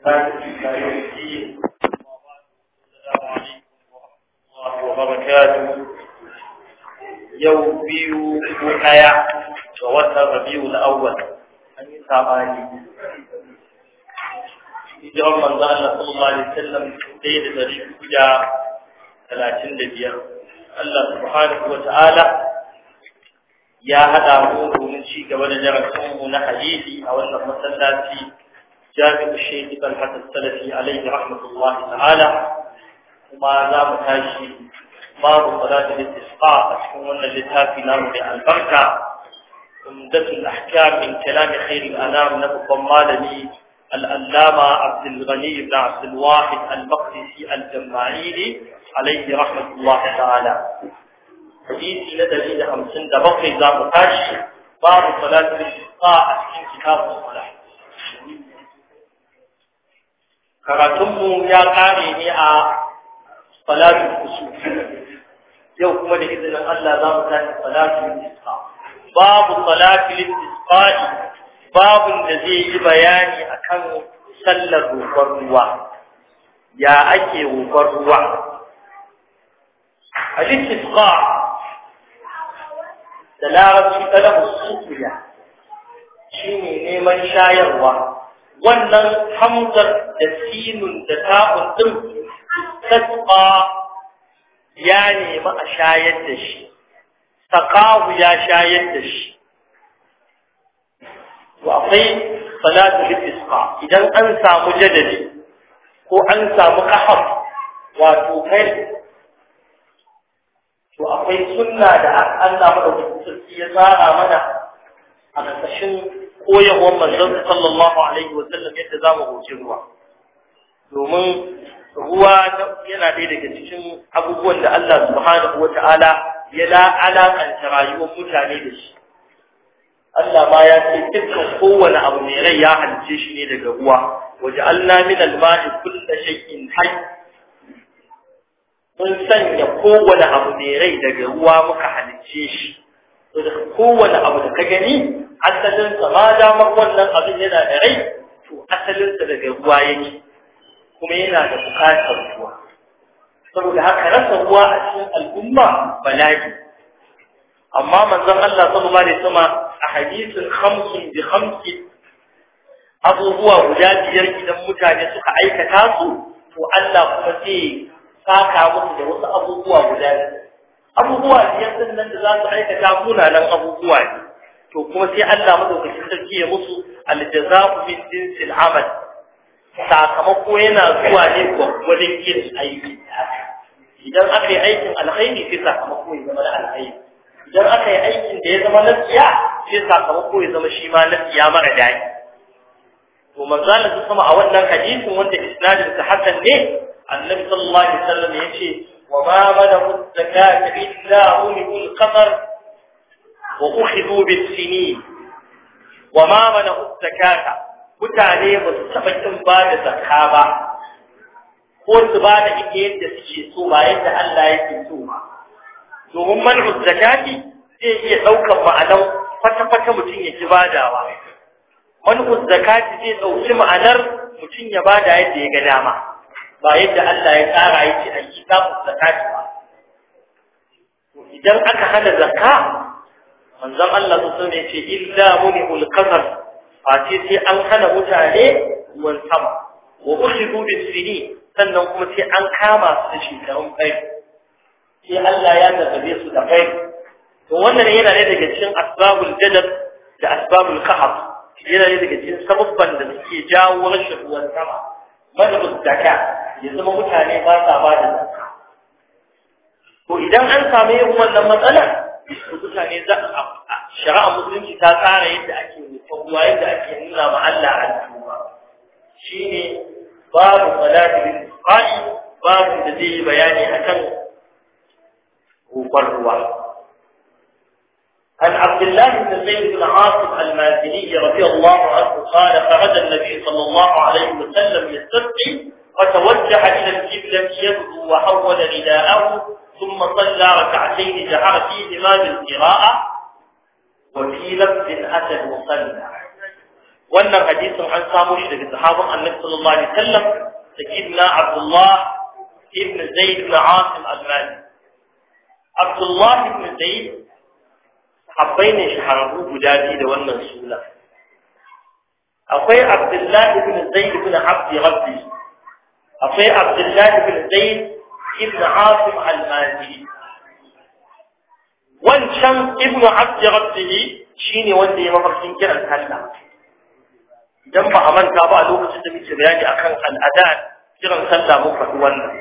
السلام عليكم ورحمة الله ga يوم rabi'u وحيا ووتر ربيع الأول أن يتعباني hijiran manzo Allah sallallahu alaihi wasallam dai da dari da biyar. Allah subhanahu ta'ala ya hada mu domin ci gaba da darasin mu na hadisi a wannan masallaci جابر الشيخ طلحة السلفي عليه رحمة الله تعالى وما نام متاشي باب صلاة الاستسقاء أشكرون لتافي نام البركة عمدة الأحكام من كلام خير الأنام نبو لي الألامة عبد الغني بن عبد الواحد المقدسي الجماعيلي عليه رحمة الله تعالى حديثي لدليل أمسند بقي زام تاشي باب صلاة الاستسقاء أشكين كتاب الصلاة karatunmu ya kare ne a salatul kusur yau kuma da izinin Allah za mu tafi salatul istisqa babu salatul istisqa babun da zai yi bayani akan sallar roƙon ruwa ya ake roƙon ruwa al-istisqa da larabci kalamar sukuya shine neman shayarwa wannan hamzar da sinun da ta'un din tasqa ya nemi a shayar da shi saqahu ya shayar da shi wa akwai salatu lil idan an samu jadali ko an samu kahaf wato kai to akwai sunna da Allah madaukakin sarki ya tsara mana a ƙarƙashin koyarwar manzon sallallahu alaihi wa sallam yadda za mu hoce ruwa domin ruwa yana ɗaya daga cikin abubuwan da Allah subhanahu wa ta'ala ya alaƙanta rayuwar mutane da shi Allah ma ya ce dukkan kowane abu mai rai ya halice shi ne daga ruwa waje Allah min alma'i kullu shay'in hayy mun sanya kowane abu mai rai daga ruwa muka halice shi to da kowane abu da ka gani asalinsa ma damar wannan abin yana da rai to asalinsa daga ruwa yake kuma yana da bukatar ruwa saboda haka rasa ruwa a cikin al'umma bala'i amma manzon Allah sallallahu alaihi wasallam a hadisin khamsun bi khamsi abubuwa guda biyar idan mutane suka aikata su to Allah kuma sai saka musu da wasu abubuwa guda biyar abubuwa biyar din nan da za su aikata nan abubuwa ne to kuma sai Allah madaukakin sarki ya musu aljaza'u min jinsil amal sakamako yana zuwa ne gwaggwadon irin aiki idan aka yi aikin alkhairi sai sakamako ya zama na alkhairi idan aka yi aikin da ya zama na sai sakamako ya zama shi ma na tsiya mara daɗi to manzo Allah ya sama a wannan hadisin wanda isnadin sa hasan ne annabi sallallahu alaihi wasallam yace wa ma bada zakata illa hum al-qamar وأخذوا بالسنين وما منعوا الزكاة mutane ba su taɓa kin ba da zakka ba ko su ba da ike yadda suke so ba yadda Allah yake so ba domin man'u zakati zai iya ɗaukar ma'anar fata-fata mutum ya ki badawa man'u zakati zai ɗauki ma'anar mutum ya bada yadda ya ga dama ba yadda Allah ya tsara yake a yi samun zakati ba idan aka hana zakka manzon Allah sun alaihi wasallam ya ce illa munihul qasam sai an kana mutane ruwan sama wa ukhidu bisini sannan kuma sai an kama su da shekarun kai sai Allah ya tabe su da kai to wannan yana ne daga cikin asbabul jadab da asbabul qahab yana ne daga cikin sababban da suke jawo rashin ruwan sama madabus zaka ya zama mutane ba sa ba da zaka to idan an samu yin wannan matsalar mutane za a shari'a musulunci ta tsara yadda ake ruwa yadda ake nuna ma Allah an tuba shine babu salatin qali babu da zai yi bayani akan rubar ruwa عن عبد الله بن زيد بن عاصم المازني رضي الله عنه قال خرج النبي صلى الله عليه وسلم يستسقي فتوجه إلى الجبلة يبدو وحول رداءه ثم صلى ركعتين جعل في إمام القراءة وفي لفظ أسد وصلى وأن الحديث عن صاموش للصحابة أن صلى الله عليه وسلم سيدنا عبد الله بن زيد بن عاصم المالي عبد الله بن زيد حبين شحره بجازي لوان رسوله أخي عبد الله بن زيد بن عبد ربي akwai abdullahi bin zaid ibn asim al-mazini wancan ibn Abdi rabbihi shine wanda ya mafarkin kiran sallah dan ba a manta ba a lokacin da muke bayani akan al-adan kiran sallah mun faɗi wannan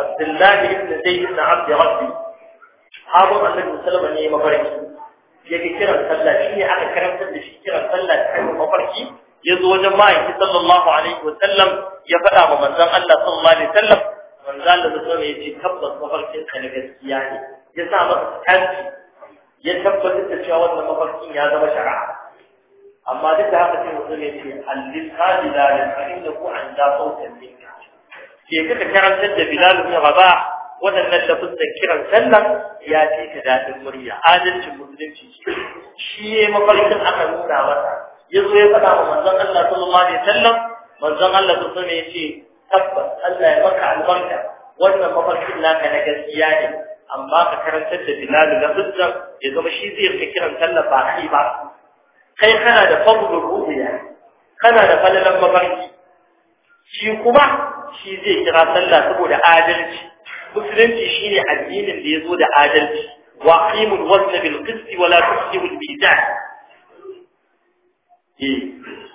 abdullahi ibn zaid ibn Abdi rabbi habu annabi sallallahu alaihi ne mafarki yake kiran sallah shine aka karanta da shi kiran sallah kai mafarki ya zo wajen ma'aiki sallallahu alaihi wa sallam ya faɗa wa manzon Allah sallallahu alaihi wa sallam manzon Allah zo ne ya ce tabbas mafarkin ka na gaskiya ne ya sa masa tanti ya tabbatar da cewa wannan mafarkin ya zama shari'a amma duk da haka sai mutum ya ce allil hadila lil fa'innahu an da sautan minka ke kaka karantar da bilal ibn rabah waɗannan lafizan kiran sallan ya ce ta daɗin murya adalcin musulunci shi ne mafarkin aka nuna masa ya zo ya faɗa wa manzon Allah sallallahu alaihi wasallam manzon Allah sallallahu alaihi ya ce tabbas Allah ya maka albarka wannan mafarkin naka na gaskiya ne amma ka karantar da Bilal da Hujjar ya zama shi zai rika kiran sallah ba kai ba kai kana da fadlul ruhiya kana da falalan mafarki shi kuma shi zai kira sallah saboda adalci musulunci shine addinin da ya zo da adalci wa qimul wazn bil qist wa la mizan eh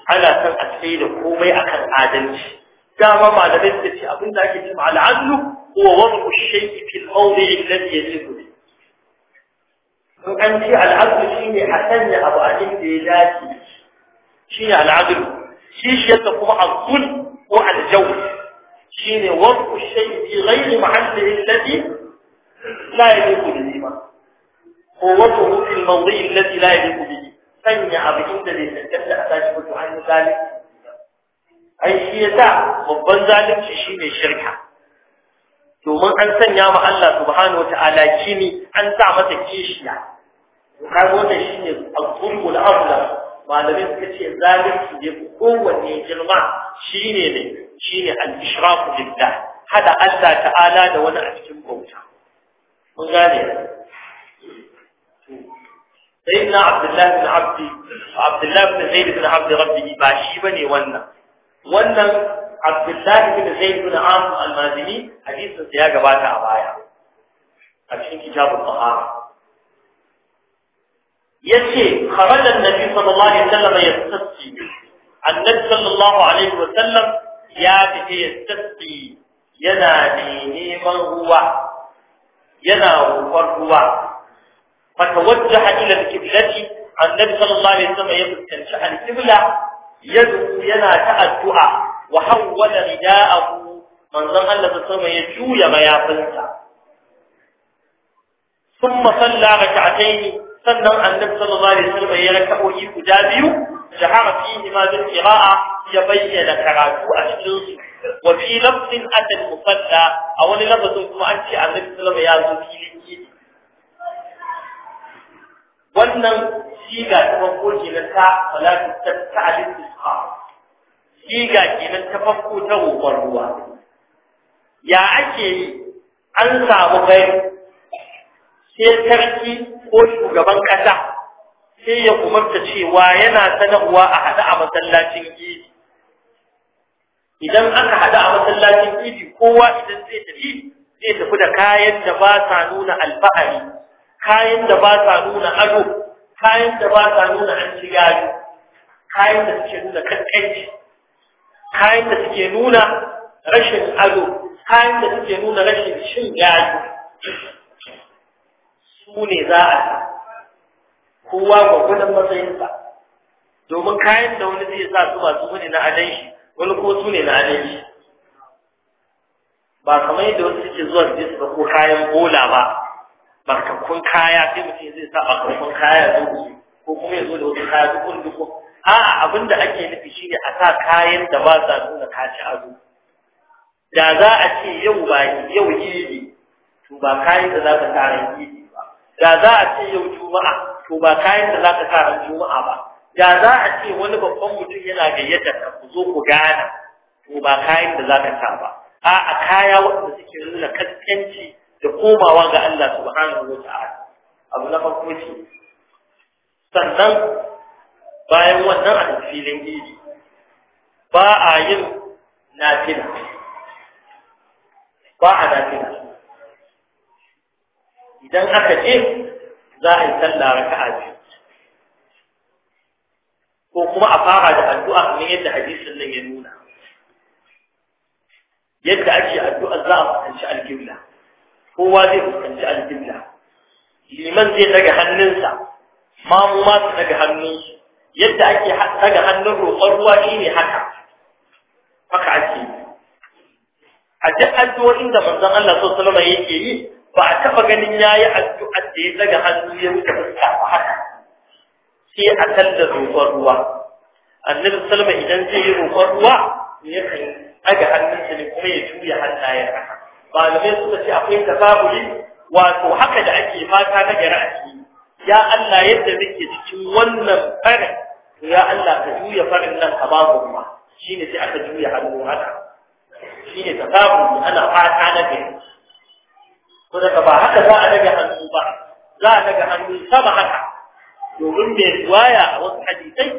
ana san a tsaye da komai akan adalci dama malamai suka ce abin da ake cewa al'adlu huwa wad'u shay'i fil mawdi'i alladhi yajibu bi in an ce al'adlu shine a sanya abu a inda ya dace shine al'adlu shi shi yasa kuma al-zul ko al-jawl shine wad'u shay'i fi ghayri mahallihi alladhi la yajibu bi ko wad'u fil mawdi'i alladhi la yajibu bi sanya abu inda zai tantance a tashi mutu an zalunci ai shi sa babban zalunci ne shirka domin an sanya ma Allah subhanahu wataala kini an sa masa kishiya to kaga shi ne al-qulul azlam malamin suka ce zalunci ne kowanne girma shine ne shine al-ishraku billah hada Allah ta'ala da wani a cikin bauta mun gane sayyidina abdullah bin abdi abdullah bin zaid rabbi ba shi bane wannan wannan abdullah bin zaid bin am al-mazini hadisin ya gabata a baya a cikin kitabul tahara yace kharaja annabi sallallahu alaihi wasallam yastasqi annabi sallallahu alaihi wasallam ya fice yastasqi yana neman ruwa yana roƙon ruwa فتوجه إلى الكبلة النبي صلى الله عليه وسلم يفتن شأن الكبلة يدعو ينا تأدعى وحول رداءه من ظن أن تسمى يجوي ميافنسا ثم صلى ركعتين sannan annabi sallallahu alaihi wasallam ya raka'o'i guda biyu jahara fihi ma bil qira'a ya bayyana karatu a cikin su wa fi lafzin atal musalla a wani lafazin kuma an annabi sallallahu wannan siga ta farko kenan ta salatu ta ta'alil isqa siga kenan ta farko ta roƙon ruwa ya ake yi an samu kai sai sarki ko shugaban kasa sai ya umarta cewa yana sanarwa a haɗu a masallacin idi idan aka haɗu a masallacin idi kowa idan zai tafi zai tafi da kayan da ba sa nuna alfahari kayan da ba sa nuna ado kayan da ba sa nuna an ci gado kayan da suke nuna kankanci kayan da suke nuna rashin ado kayan da suke nuna rashin cin gado su ne za a kowa matsayin matsayinsa domin kayan da wani zai sa su masu wani na adan shi wani ko su ne na adan shi ba kamar yadda wasu suke zuwa su je su ko kayan bola ba barkakkun kaya sai mutum zai sa barkakkun kaya zo ko kuma ya zo da wasu kaya dukun dukun a'a abin da ake nufi shi ne a sa kayan da ba sa nuna kaci ado da za a ce yau ba yau idi to ba kayan da za ka sa ran idi ba da za a ce yau juma'a to ba kayan da za ka sa ran juma'a ba da za a ce wani babban mutum yana gayyata ka ku zo ku gana to ba kayan da za ka sa ba a'a kaya waɗanda suke nuna kaskanci da komawa ga Allah subhanahu wa ta'ala abu na farko ce sannan bayan wannan a filin iri, ba a yin nafila ba a nafila idan aka je za a yi sallah raka'a biyu ko kuma a fara da addu'a kamar yadda hadisin nan ya nuna yadda ake addu'a za a fahimci alƙibla kowa zai fuskanci alƙibla liman zai daga hannunsa mamu ma su daga hannunsu yadda ake daga hannun roƙon ruwa shine haka haka ake yi a duk addu'o'in da manzon Allah sallallahu alaihi wasallam yake yi ba a taɓa ganin yayi addu'a da ya daga hannu ya rika fuska ba haka sai a talla roƙon ruwa annabi sallallahu idan zai yi roƙon ruwa yakan daga hannunsa ne kuma ya juya hannayen haka malamai suka ce akwai tazabuli wato haka da ake fata na gari a ciki ya Allah yadda nake cikin wannan farin ya Allah ka juya farin nan ka ba mu kuma shine sai aka juya hannu haka shine tazabuli ana fata na gari ko da ba haka za a daga hannu ba za a daga hannu sama haka domin mai riwaya a wasu hadisai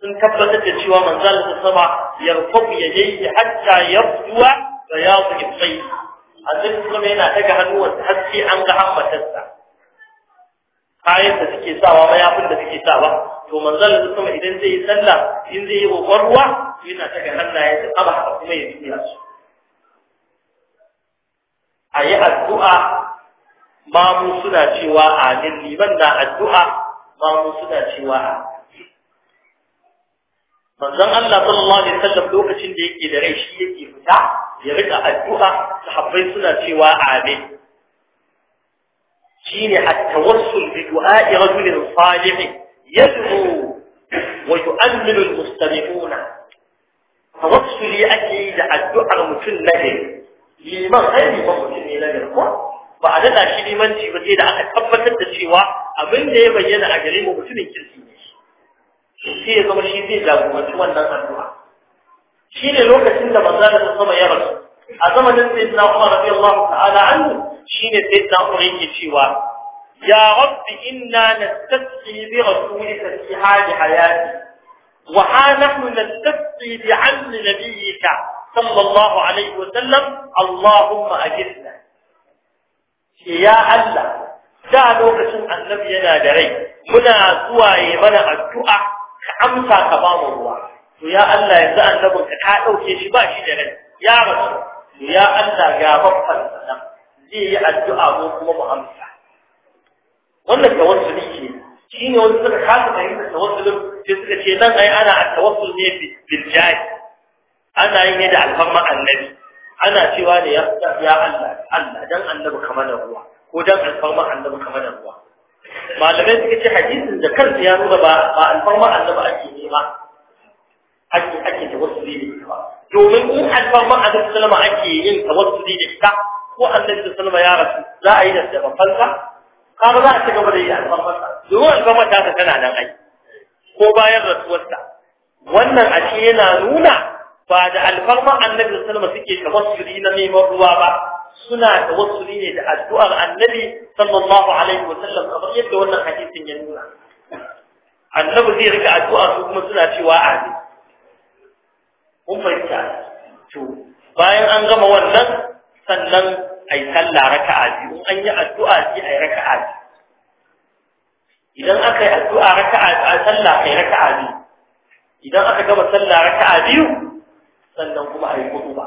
sun tabbatar da cewa manzon sama ya yadayhi hatta yabduwa bayadu ibsayhi annabi kuma yana daga hannuwan har sai an ga hammatarsa kayan da suke sawa mayafin da suke sawa to manzon da kuma idan zai yi sallah in zai yi roƙon ruwa yana daga da kaba haka kuma ya biya su a yi addu'a mamu suna cewa amin liban na addu'a mamu suna cewa amin manzon Allah sallallahu alaihi wasallam lokacin da yake da rai shi yake fita ya rika addu'a sahabbai suna cewa amin shine at-tawassul bi du'a'i rajulin salih yad'u wa yu'ammilu al-mustami'una tawassuli ake yi da addu'ar mutum na ne? liman sai ba mutum ne na gari ko ba a dada shi limanci ba sai da aka tabbatar da cewa abin da ya bayyana a gare mu mutumin kirki ne to sai ya zama shi zai jagoranci wannan addu'a shi ne lokacin da manzo da sama ya rasu a zamanin sayyidina Umar radiyallahu ta'ala anhu shine sayyidina Umar yake cewa ya rabbi inna nastasqi bi rasulika fi hali hayati wa ha nahnu nastasqi bi amli nabiyyika sallallahu alaihi wa sallam allahumma ajirna ya Allah da lokacin annabi yana da rai muna zuwa yi mana addu'a amsa ka ba mu ruwa to ya Allah yanzu annabin ka ka dauke shi ba shi da rai ya rasu to ya Allah ga babban sanan zai yi addu'a ko kuma mu amsa wannan tawassuli ne shine wanda suka kasa fahimtar tawassulin sai suka ce nan ai ana tawassul ne bil jahi ana yin ne da alfarma annabi ana cewa ne ya Allah Allah dan annabi kamar ruwa ko dan alfarma annabi kamar ruwa malamai suka ce hadisin da kansu ya nuna ba ba alfarma annaba ake nema ake ake wasu da ita domin in alfarma annabi sallama ake yin wasu da ita ko da sallama ya rasu za a yi da bafansa kama za a ci gaba da yi alfarmarsa domin alfarma ta tana nan ai ko bayan rasuwarsa wannan ashe yana nuna ba da alfarma annabi sallama suke tawassuli na neman ruwa ba suna da wasuli ne da addu'ar annabi sallallahu alaihi wa sallam kamar yadda wannan hadisin ya nuna annabi zai rika addu'a su kuma suna cewa amin mun fahimta to bayan an gama wannan sannan ai sallah raka'a biyu an yi addu'a sai ai raka'a idan aka yi addu'a raka'a a sallah kai raka'a biyu idan aka gama sallah raka'a biyu sannan kuma ai ba.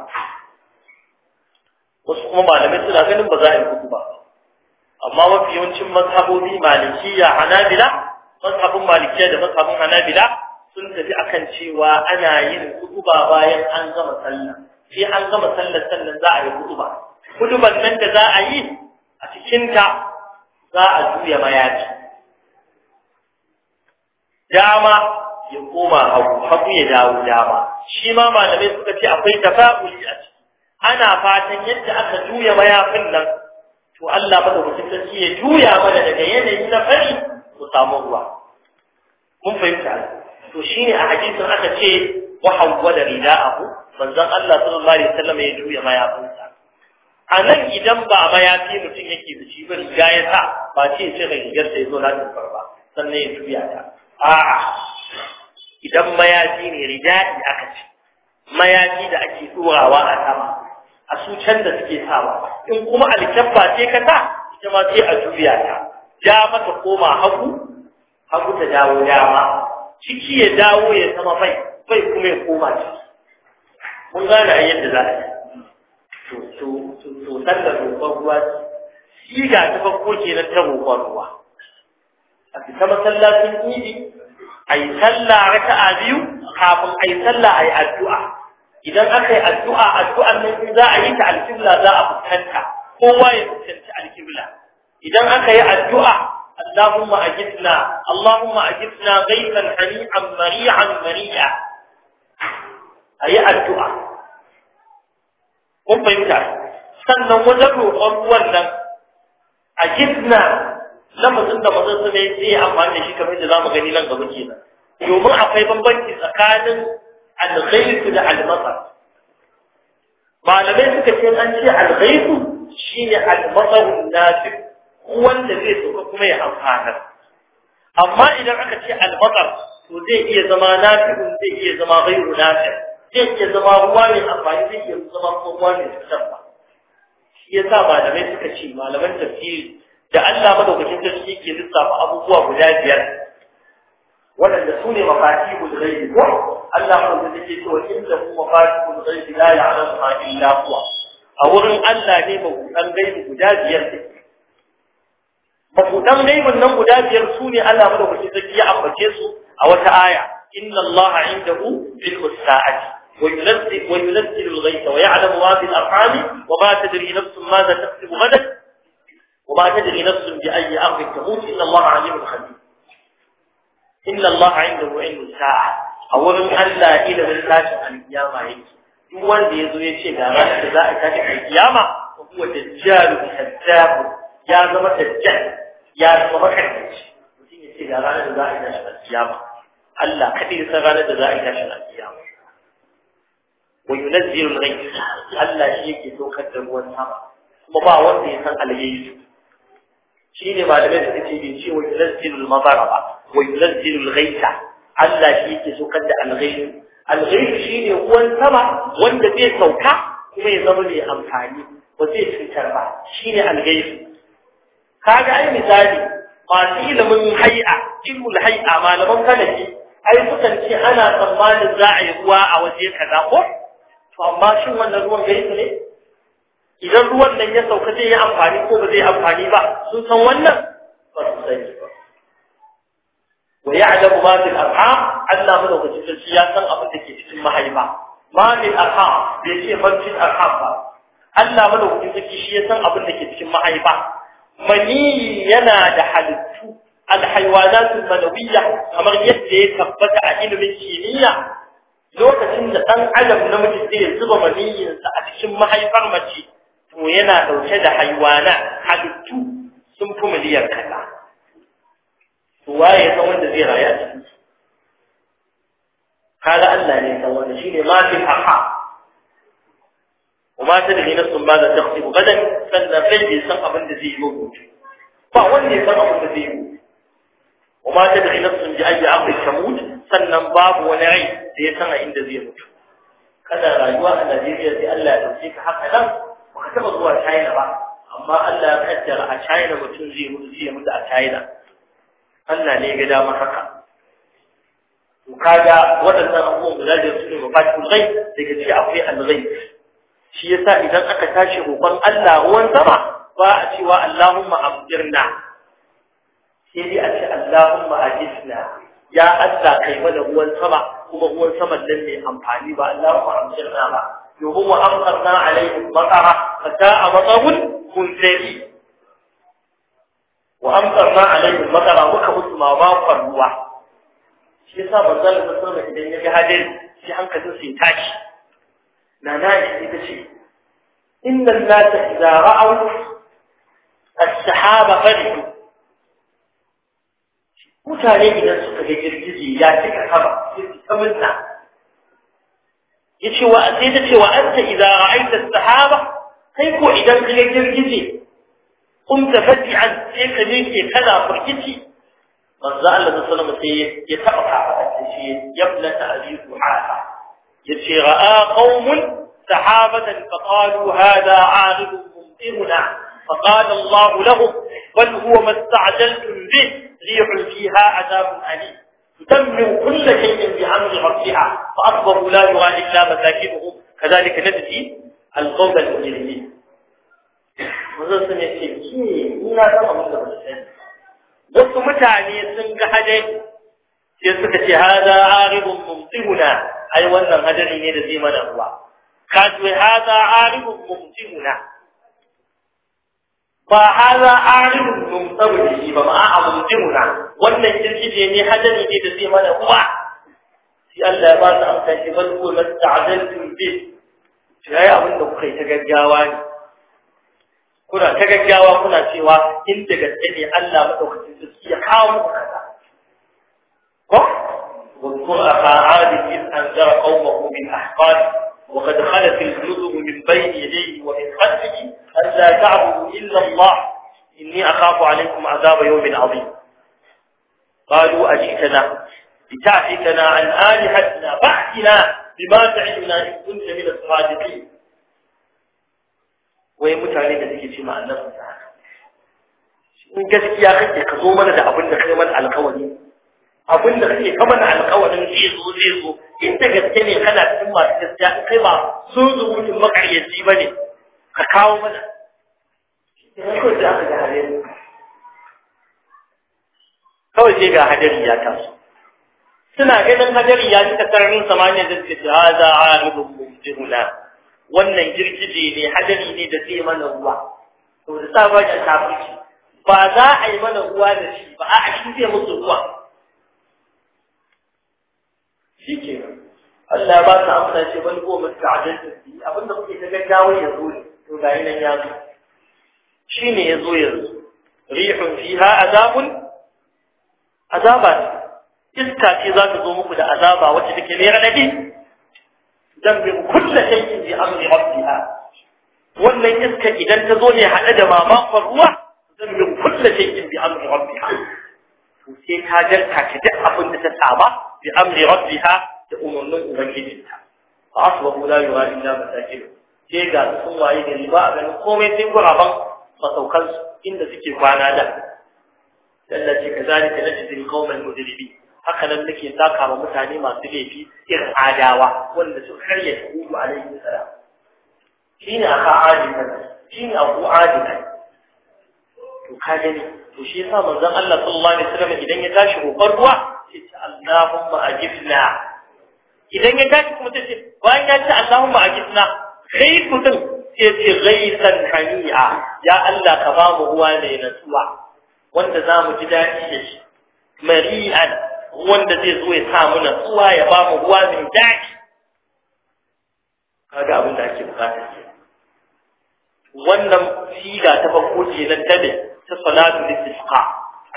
wasu kuma malamai suna ganin ba za a yi hudu ba amma mafi yawancin mazhabobi malikiya hanabila mazhabin malikiya da mazhabin hanabila sun tafi akan cewa ana yin ba bayan an gama sallah sai an gama sallar sannan za a yi ba. hutuban nan da za a yi a cikinta za a juya mayafi dama ya koma hagu hagu ya dawo dama shi ma malamai suka ce akwai tafa'uli a ana fatan yadda aka juya mayafin nan to Allah madaukakin shi ya juya mana daga yanayi na fari mu samu ruwa mun fahimta to shine a hadisin aka ce wa hawwala rida'ahu manzon Allah sallallahu alaihi wasallam ya juya mayafinsa a nan idan ba mayafi mutum yake da shi ba riga ya sa ba ce ce ga rigar sai zo na farba sannan ya juya ta a'a idan mayafi ne rida'i aka ce mayafi da ake tsorawa a sama a su can da suke sawa in kuma alkyabba ce ka sa ita ma sai a juya ta ja mata koma hagu hagu ta dawo dama ciki ya dawo ya zama fai fai kuma ya koma ci mun gane a yadda za a yi to san da roƙon ruwa siga ta farko na ta roƙon ruwa a fita masallacin idi a yi sallah raka'a biyu kafin a yi sallah a yi addu'a idan aka yi addu'a addu'an nan in za a yi ta alkibla za a fuskanta kowa ya fuskanci alkibla idan aka yi addu'a Allahumma ajidna Allahumma ajidna ghaytan hani'an mari'an mari'a ayi addu'a kun fahimta sannan wajen roƙon ruwan nan na lafazin da mazan su ne zai amfani da shi kamar yadda za mu gani nan gaba kenan domin akwai bambanci tsakanin al da al malamai suka ce an ce al-ghayth shine al-matar nafi wanda zai sauka kuma ya amfana amma idan aka ce al-matar to zai iya zama nafi zai iya zama ghayru nafi zai iya zama ruwa mai amfani zai iya zama ruwa mai tsafta shi yasa malamai suka ce malaman tafsiri da Allah madaukakin gaske ke lissafa abubuwa guda biyar waɗanda su ne mafatihul ghaibi ko Allah wanda yake cewa inda kuma fatihul ghaibi la ya'lamuha illa huwa a wurin Allah ne mabudan gaibi guda biyar ne mabudan gaibin nan guda biyar su ne Allah madaukakin sarki ya ambace su a wata aya inna Allah indahu bil sa'ati wa yunzil wa yunzil al ghaitha wa ya'lamu ma fil arham wa ma tadri nafsun madha taktubu ghadan wa ma tadri nafsun bi ayyi ardin tamut inna Allah alimul khabir inna Allah indahu ilmu sa'ati a wurin Allah ilimin tashin alkiyama yake duk wanda ya zo ya ce ga ranar da za a tashi alkiyama ko kuwa dajjalu kaddabu ya zama dajjal ya zama makaddaci mutum ya ce ga ranar da za a tashi alkiyama Allah kadai ya san ranar da za a tashi alkiyama wa yunazzilu al-ghayth Allah shi yake saukar da ruwan sama kuma ba wanda ya san alghayth shine malamai da suke cewa yunazzilu al-madara wa yunazzilu al-ghaytha Allah shi yake saukar da alghaibu alghaibu shine ruwan sama wanda zai sauka kuma ya zama mai amfani ba zai cutar ba shine alghaibu kaga ai misali masu ilimin hai'a ilmul hai'a malaman kalafi ai sukan ce ana tsammanin za a yi ruwa a waje kaza ko to amma shin wannan ruwan gaisu ne idan ruwan nan ya sauka zai yi amfani ko ba zai amfani ba sun san wannan ba su sani ba wa ya'lamu ma fil arham Allah madaukakin sarki ya san abin da ke cikin mahaifa ma fil arham bai ce fil arham ba Allah madaukakin sarki shi ya san abin da ke cikin mahaifa mani yana da halittu al haywanat al manawiyya kamar yadda ya tabbata a ilimin kimiyya lokacin da dan adam na mutum ya zuba maniyyansa a cikin mahaifar mace to yana dauke da haywana halittu sun fi miliyar kaza waye ya san wanda zai rayu a cikin su kaga Allah ne san wanda shine ma fi haqa wa ma tadri nafsun ma za takhsibu gadan sannan kai bai san abin da zai yi gobe ba wanda ya san abin da zai yi wa ma sun nafsun bi ayyi amrin tamut sannan babu wani rai da ya san a inda zai mutu Kada rayuwa a Najeriya sai Allah ya dauke ka haka nan baka taba zuwa China ba amma Allah ya kaddara a China mutum zai mutu zai mutu a China Allah ne ga dama haka kaga waɗannan abubuwan guda da su ne mafatul ghaib daga ce akwai al Shi ya sa idan aka tashi roƙon Allah ruwan sama ba a cewa Allahumma amdirna sai dai a ce Allahumma ajisna ya Allah kai mana ruwan sama kuma ruwan sama nan mai amfani ba Allahumma amdirna ba domin wa amsarna alaihim matara fa ta'a matarun munzari وأمطرنا عليهم مطرا وكبت ما باقر هو shi yasa manzon Allah sallallahu idan ya ga hadari shi hankalin sai tashi nana ita ce inna an-nasa idza ra'aw as-sahaba farihu mutane idan suka ga girgiji ya cika sama sai su kamunta yace wa sai ta ce wa anta idza ra'aita as-sahaba kai ko idan ka ga girgije متفجعا انت مين كذا فرحتي رضى الله صلى الله عليه وسلم يبلى تعليق معها يتشي رأى قوم سحابة فقالوا هذا عارض ممئنا فقال الله لهم بل هو ما استعجلتم به ليح فيها عذاب أليم تدمر كل شيء بعمل ربها فأصبروا لا يغى إلا مساكنهم كذلك نجد القوم المجرمين manzon sun ya ce ki ina san abin da ba sani wasu mutane sun ga hadari sai suka ce hada aribun mumtihuna ai wannan hadari ne da zai mana ruwa ka ce hada aribun mumtihuna ba hada aribun mumtihuna ba ma a mumtihuna wannan kirkije ne ne hadari ne da zai mana ruwa sai Allah ya ba su amsa shi bal ku masta'adantum bi shi ai abin da kuka yi ta gaggawa ne kuna ta gaggawa kuna cewa in da gaske ne Allah madaukakin sarki ya kawo muku kaza ko واذكر أخا عاد إذ أنذر قومه بالأحقاد وقد خلت الجنود من بين يديه ومن خلفه ألا تعبدوا إلا الله إني أخاف عليكم عذاب يوم عظيم قالوا أجئتنا لتعفتنا عن آلهتنا بعدنا بما تعدنا إن كنت من الصادقين wai mutane da suke ce ma annabi in gaskiya kake ka zo mana da abin da kai mana alƙawari abin da kake ka mana alƙawarin zai zo zai zo in da gaske ne kana cikin masu gaskiya kai ba sun zo mutum makaryaci ba ne ka kawo mana kawai sai aka ga hadari kawai sai ga ya taso suna ganin hadari ya cika sararin samaniya da suke ce za a rubun mujihuna wannan girgije ne hadari ne da zai mana ruwa to da sa wajen kafirci ba za a yi mana ruwa da shi ba a shi zai mutu ruwa shi ke Allah ba ta amsa ce bal ko mun ta'adan abin abinda kuke ta gaggawa ya zo to ga nan ya zo shine ya zo yanzu rihun fiha azabun azaba iska ce za ta zo muku da azaba wacce take ne radadi تدبر كل شيء بأمر ربها wannan iska idan ta zo ne haɗe da mamakon ruwa zan yi kulle shekin bi amri rabbiha to sai ta jarka ta duk abin da ta saba bi amri rabbiha da umarnin ubangijinta fa asbahu la yura illa masakin sai ga sun waye gari ba a ganin komai sai guraban masaukan inda suke kwana da lallace kazalika najzil haka nan take saka ma mutane masu laifi irin adawa wanda su karya a hudu alaihi salam shine aka adina shine abu adina to ka gani to shi yasa manzon Allah sallallahu alaihi wasallam idan ya tashi roƙon ruwa sai ce Allahumma ajibna idan ya tashi kuma sai ce bayan ya ce Allahumma ajibna sai mutum sai ce ghaisan hani'a ya Allah ka ba mu ruwa mai natsuwa wanda za mu ji daɗi da shi mari'an Wanda zai zo ya sa mu natsuwa ya ba mu ruwa mai daɗi kaga abin da ake bukata ke wannan siga ta farko ce na dade ta salatu istisqa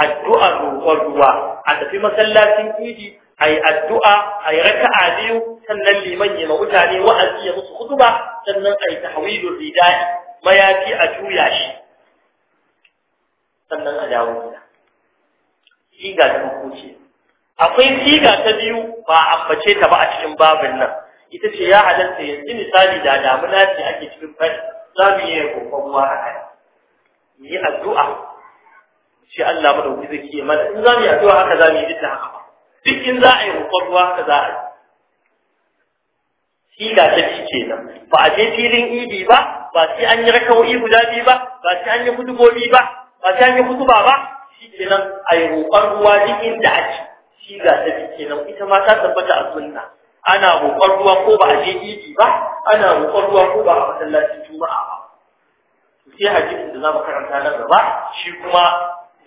addu'a roƙon ruwa a tafi masallacin idi a yi addu'a a yi raka'a biyu sannan liman ya mutane wa'azi ya musu ba, sannan a yi tahwilul ridai mayafi a juya shi sannan a dawo gida siga ta farko ce akwai siga ta biyu ba ambace ta ba a cikin babin nan ita ce ya halatta yanzu misali da damuna ce ake cikin fari za mu yi kokon ruwa a kai mu yi addu'a shi Allah mu dauki zaki mana in za mu yi addu'a haka za mu yi duk haka ba duk in za a yi kokon ruwa haka za a yi siga ta ce nan ba a je filin idi ba ba sai an yi rakawoyi guda biyu ba ba sai an yi hudubobi ba ba sai an yi hutuba ba shi kenan a yi roƙon ruwa duk inda ake siga ta ta kenan ita ma ta tabbata a sunna ana roƙon ruwa ko ba a je idi ba ana roƙon ruwa ko ba a masallacin juma'a ba sai hadisin da zamu karanta na gaba shi kuma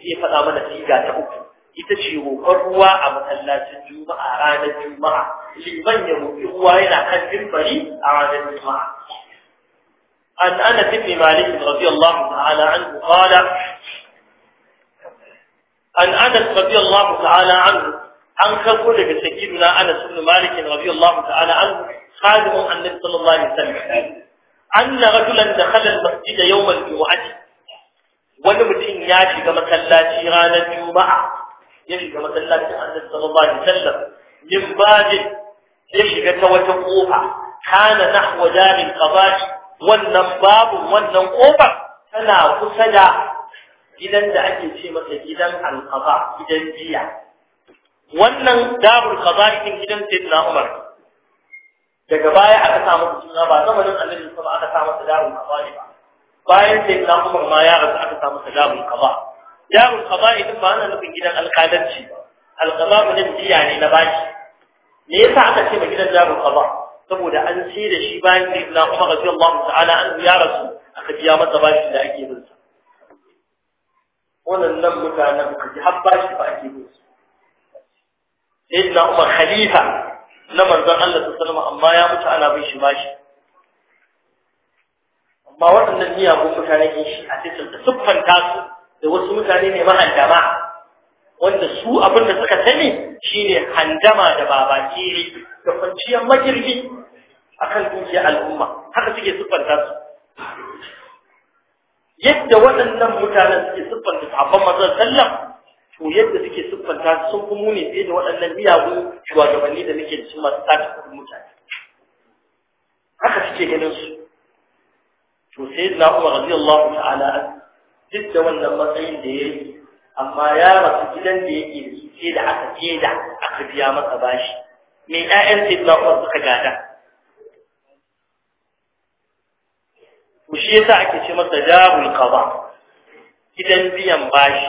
zai faɗa mana siga ta uku ita ce roƙon ruwa a masallacin juma'a ranar juma'a liman ya roƙi ruwa yana kan mimbari a ranar juma'a an ana ibn malik radiyallahu ta'ala anhu qala an anas radiyallahu ta'ala anhu an karbo daga na anas ibn malik radiyallahu ta'ala anhu khadimun annabi sallallahu alaihi wasallam anna rajulan dakhala al-masjid yawm al-jumu'ah wani mutum ya shiga masallaci ranar juma'a ya shiga masallacin annabi sallallahu alaihi wasallam min bajin ya shiga ta wata kofa kana nahwa darin qabati wannan babu wannan kofar tana kusa da gidan da ake ce masa gidan alqaba gidan jiya wannan darul qaba din gidan sayyidina Umar daga baya aka samu suna ba zamanin annabi sallallahu aka samu darul ne ba bayan sayyidina Umar ma ya rasu aka samu darul qaba darul qaba din ba ana nufin gidan alqalanci ba alqaba din jiya ne na baki me yasa aka ce ma gidan darul qaba saboda an ce da shi bayan sayyidina Umar radiyallahu ta'ala an ya rasu aka biya masa bashi da ake bin sa waɗannan mutanen ka ji har ba ake yi sai na umar khalifa na manzon Allah ta salama amma ya mutu ana bin shi ba shi. amma waɗannan miyagun mutane ne shi a cikin da siffanta su da wasu mutane ne mahandama wanda su abin da suka sani shine handama da babakiri da kwanciyar magirbi akan dukiyar al'umma haka suke siffanta su yadda waɗannan mutanen suke siffanta sahabban manzon sallam to yadda suke siffanta sun fi muni fiye da waɗannan miyagun shugabanni da muke da su masu sace kuɗin mutane haka suke ganin su to sai na Umar radiyallahu ta'ala duk da wannan matsayin da ya yi amma ya rasu gidan da yake da su sai da aka da aka biya masa bashi me ƴaƴan sai na Umar suka gada shi yasa ake ce masa darul qada idan biyan bashi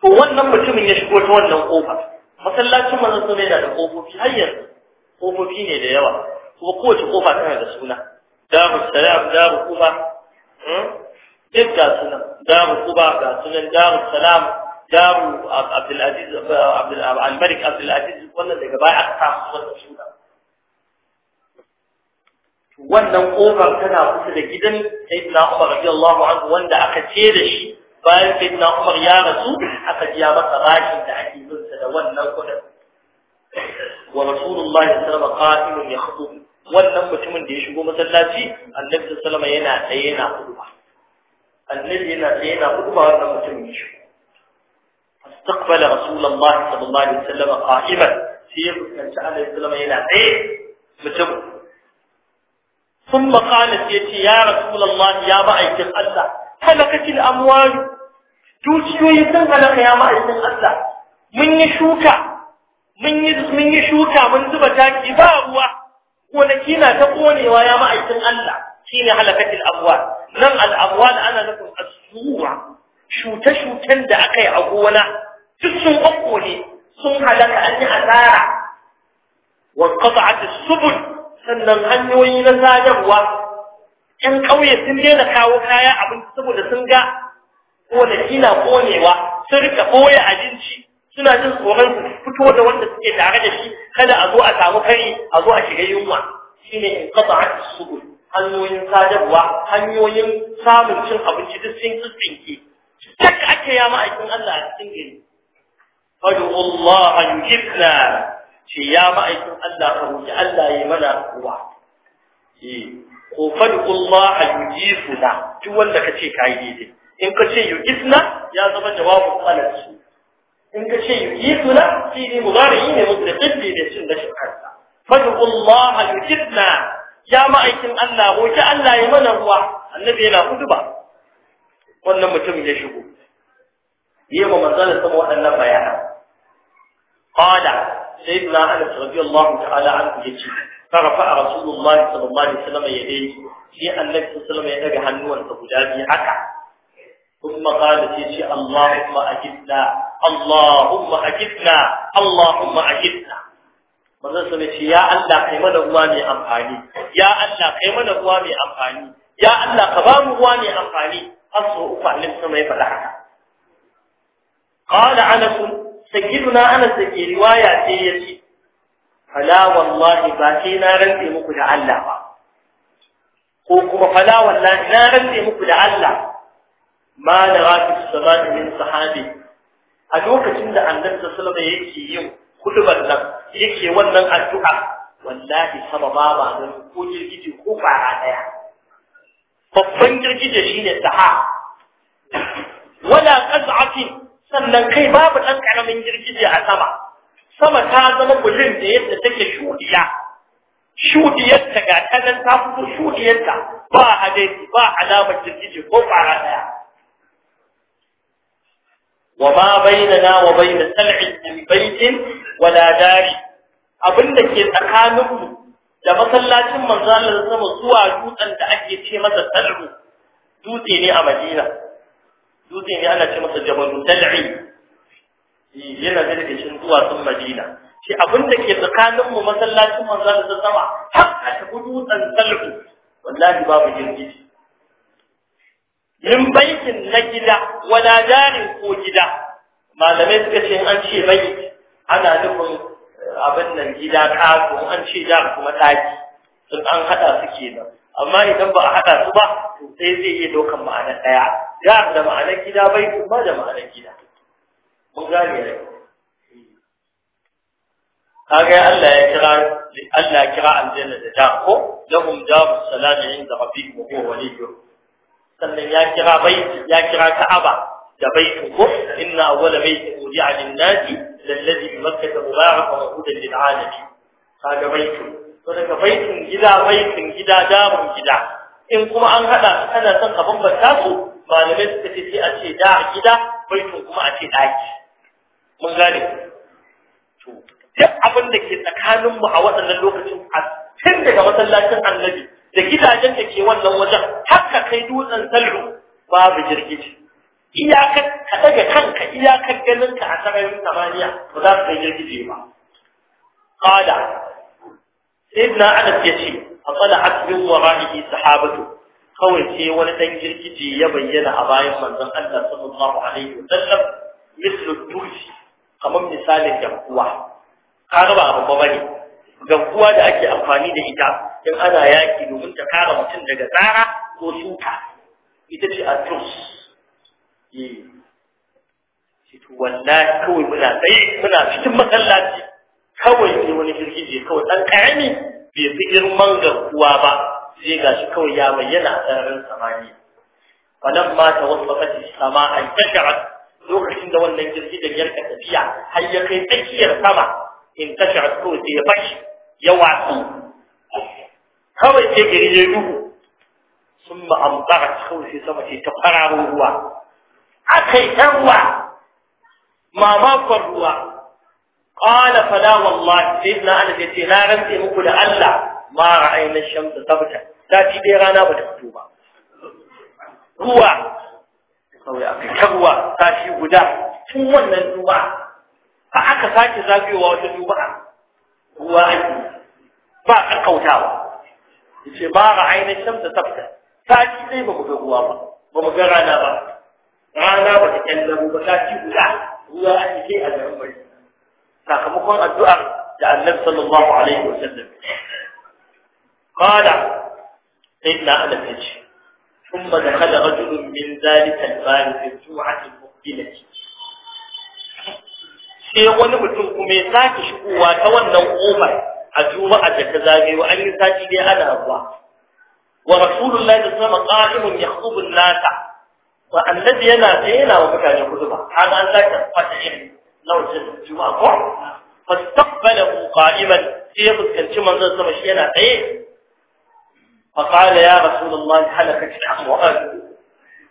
to wannan mutumin ya shigo ta wannan kofa masallacin manzon sun yana da kofofi har yanzu kofofi ne da yawa kuma kowace kofa tana da suna darul salam darul quba hmm? duk ga suna darul quba ga sunan darul salam Daru abdul aziz abdul al-malik abdul aziz wannan daga baya aka samu wannan suna wannan kofar tana kusa da gidan sayyidina Umar radiyallahu anhu wanda aka ce da shi bayan sayyidina Umar ya rasu aka ji masa rashin da ake binsa da wannan kudin wa rasulullahi sallallahu alaihi wasallam yakhdub wannan mutumin da ya shigo masallaci annabi sallallahu alaihi yana tsaye yana kuduba annabi yana tsaye yana kuduba wannan mutumin ya shigo استقبل رسول الله صلى الله عليه وسلم قائما سيف كان عليه السلام yana tsaye mutum ثم قالت ya يا رسول الله يا بعيد الله هلكت الأموال dukiyoyi sun halaka ya ma'aikin Allah mun yi shuka mun yi mun yi shuka mun zuba taki ba ruwa gonaki na ta konewa ya ma'aikin Allah shine halakatil abwa nan al abwal ana nufin as-suwa shuta shutan da aka yi a gona duk sun kokkone sun halaka an yi asara wa qata'at as-subul sannan hanyoyi na sadarwa ‘yan ƙauye sun daina kawo kaya abinci saboda sun ga wanda kina ƙonewa sun rika ɓoye abinci suna jin tsoron su fito da wanda suke tare da shi kada a zo a samu kari a zo a shiga yunwa shine ne in kafa a su hanyoyin sadarwa hanyoyin samun cin abinci duk sun tsinke duk ake ya aikin Allah a cikin gari fadu Allah yujibna ce ya ma'aikin Allah ka roki Allah ya mana ruwa eh ko fadullah yujifuna duk wanda ka ce kace kai daidai in kace yujifna ya zama jawabu qalbi in ka ce kace yujifna shi ne mudari ne mutlaqi da cin da shakarta fadullah yujifna ya ma'aikin Allah roki Allah ya mana ruwa annabi yana ba. wannan mutum ya shigo yi ma manzalin sama waɗannan bayanan qala sayyidina anas radiyallahu ta'ala anhu yace fa rafa rasulullah sallallahu alaihi wasallam yadayhi sai annabi sallallahu alaihi wasallam ya hannuwansa guda biyu haka kuma qala shi shi allahumma ajidna allahumma ajidna allahumma ajidna manzo sai shi ya allah kai mana ruwa mai amfani ya allah kai mana ruwa mai amfani ya allah ka bamu ruwa mai amfani asu ufa lin sama ya fada haka qala anas sayyiduna na da ke riwaya ce ya ce fala wallahi ba sai na rantse muku da Allah ba ko kuma fala wallahi na rantse muku da Allah ma da rafi da min sahabi a lokacin da annabi sallallahu alaihi wasallam yake yin kudubar nan yake wannan addu'a wallahi sama ba ba nan ko girgije ko fara daya babban girgije shine saha ƙasa qaz'atin sannan kai babu ɗan ƙaramin girgije a sama sama ta zama gulin da yadda take shuɗiya shuɗiyarta ga ta nan ta fito shuɗiyarta ba a daidai ba alamar girgije ko ƙara ɗaya wa ma bai wa baina sal'in min baitin wala dari abinda ke tsakaninmu da masallacin manzo sama zuwa dutsen da ake ce masa sal'u dutse ne a Madina dutsen ya ana ce masa jabalu dal'i eh, yana da daga cikin duwatsun madina shi abin da ke tsakanin mu masallacin manzon da sama har a tafi dutsen dal'u wallahi babu jirgi min baitin na gida wala jarin ko gida malamai suka ce an ce bai ana nufin eh, abin nan gida ƙato an ce jar kuma daki, sun an haɗa su kenan amma idan ba a haɗa su ba to sai zai iya ɗaukan ma'anar ɗaya ya da ma'anar gida bai kuma da ma'anar gida mun gane ne kaga Allah ya kira Allah ya kira aljanna da da ko lahum daru salami inda rabbihim wa huwa ko sannan ya kira bai ya kira ka'aba da baitu ko inna awwala baitin wudi'a lin-nasi lalladhi bi makkah mubarakan wa hudan lil-alamin kaga baitu to daga baitin gida baitin gida damun gida in kuma an hada kana ana son ka bambanta su malamai suka ce sai a ce da gida baitin kuma a ce daki mun gane to duk abin da ke tsakanin mu a waɗannan lokacin a tun daga masallacin annabi da gidajen da ke wannan wajen haka kai dutsen sallu babu jirgiji iyakar ka daga kanka iyakar ka a sararin samaniya ba za su kai jirgije ba qala na anas ya ce a tsala hasbin wara'ihi sahabatu kawai sai wani dan girgije ya bayyana a bayan manzon Allah sallallahu alaihi wa sallam mislu turshi kamar misalin garkuwa kaga ba abu bane garkuwa da ake amfani da ita in ana yaki domin ta kare mutum daga tsara ko suka ita ce a turs eh wallahi kawai muna tsaye muna cikin masallaci kawai ne wani girgije kawai ɗan ƙarami bai fi girman garkuwa ba sai ga shi kawai ya bayyana a sararin samaniya wannan ma ta wasu kaci sama an tashara lokacin da wannan girgijen yarka tafiya har ya kai tsakiyar sama in tashara kawai sai ya fashi, ya watsu kawai sai gari ya duhu sun ma'ambara kawai sai sama ce ta fararen ruwa aka yi ɗan ruwa mamakon ruwa قال فلا والله سيدنا anas yace na rantse muku da Allah ma ra'ayna shamsu sabta sati dai rana ba ta fito ruwa kawai aka karwa sati guda tun wannan duba. a aka sake zagayowa wata duba, ruwa ake ba a kautawa yace ba ra'ayna shamsu sabta sati dai ba ruwa ba ba mu ga rana ba rana ba ta sati guda ruwa a sakamakon addu'ar da annabi sallallahu alaihi wasallam qala sayyidina anas yace ثم دخل رجل من ذلك البال في الجمعة المقبلة sai wani mutum kuma ya sake shigowa ta wannan ƙofar a juma'a da ta zagayo an yi sati dai ana ruwa wa rasulullahi da sama qa'imun yakhubu nasa wa annabi yana tsaye yana wa mutane kuduba kaga an sake fata irin nau'in juma'a ko fastaqbalahu qa'iman sai ya fuskanci manzon sama shi yana tsaye fa qala ya rasulullahi halakati amwal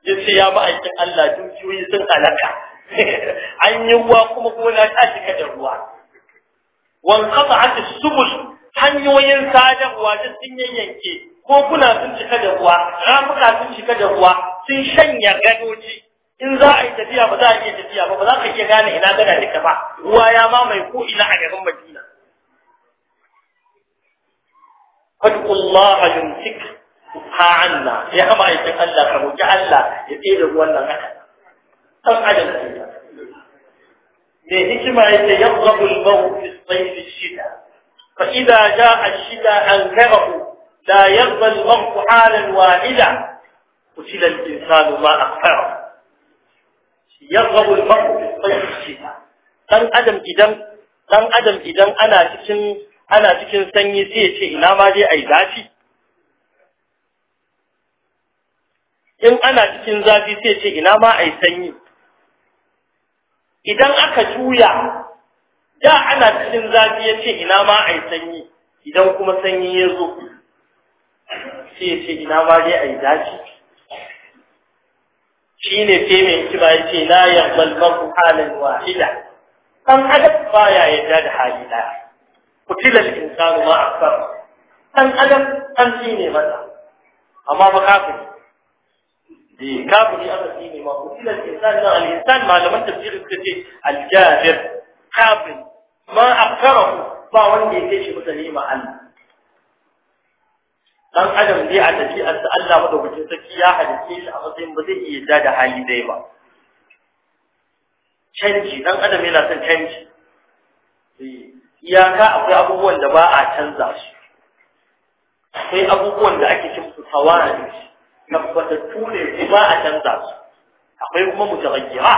yace ya ma'aikin Allah dukiyoyi sun halaka an yi ruwa kuma gona ta cika da ruwa wan qata'at as-subul hanyoyin sadarwa duk sun yanyanke ko kuna sun cika da ruwa ramuka sun cika da ruwa sun shanya gadoji in za a yi tafiya ba za a iya tafiya ba ba za ka iya gane ina gada duka ba ruwa ya mamaye ko ina a garin madina fadullaha yumsik ha anna ya kama aikin Allah ka roki Allah ya tsere ruwan nan haka san adam ne hikima yake yaqrabu al-maut fi sayf al-shita fa idha jaa al-shita ankarahu la yaqbal al-maut halan wahida qutila al-insanu ma aktharahu يرغب المرء بالطيب الشتاء dan adam idan dan adam idan ana cikin ana cikin sanyi sai ya ce ina ma dai ai zafi in ana cikin zafi sai ce ina ma ai sanyi idan aka juya da ana cikin zafi ya ce ina ma ai sanyi idan kuma sanyi ya zo sai ya ce ina ma dai ai zafi shi ne sai mai kira ya ce la yaqbal mar'u halan wahida dan adam baya yarda da hali daya kutilal insanu ma akthar dan adam an ne masa amma ba kafin. di kafiri an ne ma kutilal insanu al insan malaman tafsir suka ce al kafir kafir ma aktharahu ba wanda ya yake shi mutane ma Allah dan adam zai a sa Allah madaukakin sarki ya halice shi a matsayin ba zai iya ja da hali dai ba canji dan adam yana son canji eh, iyaka akwai abubuwan da ba a canza su akwai abubuwan da ake cin su tawani tabbatattu ne ba a canza su akwai kuma mutaghayyira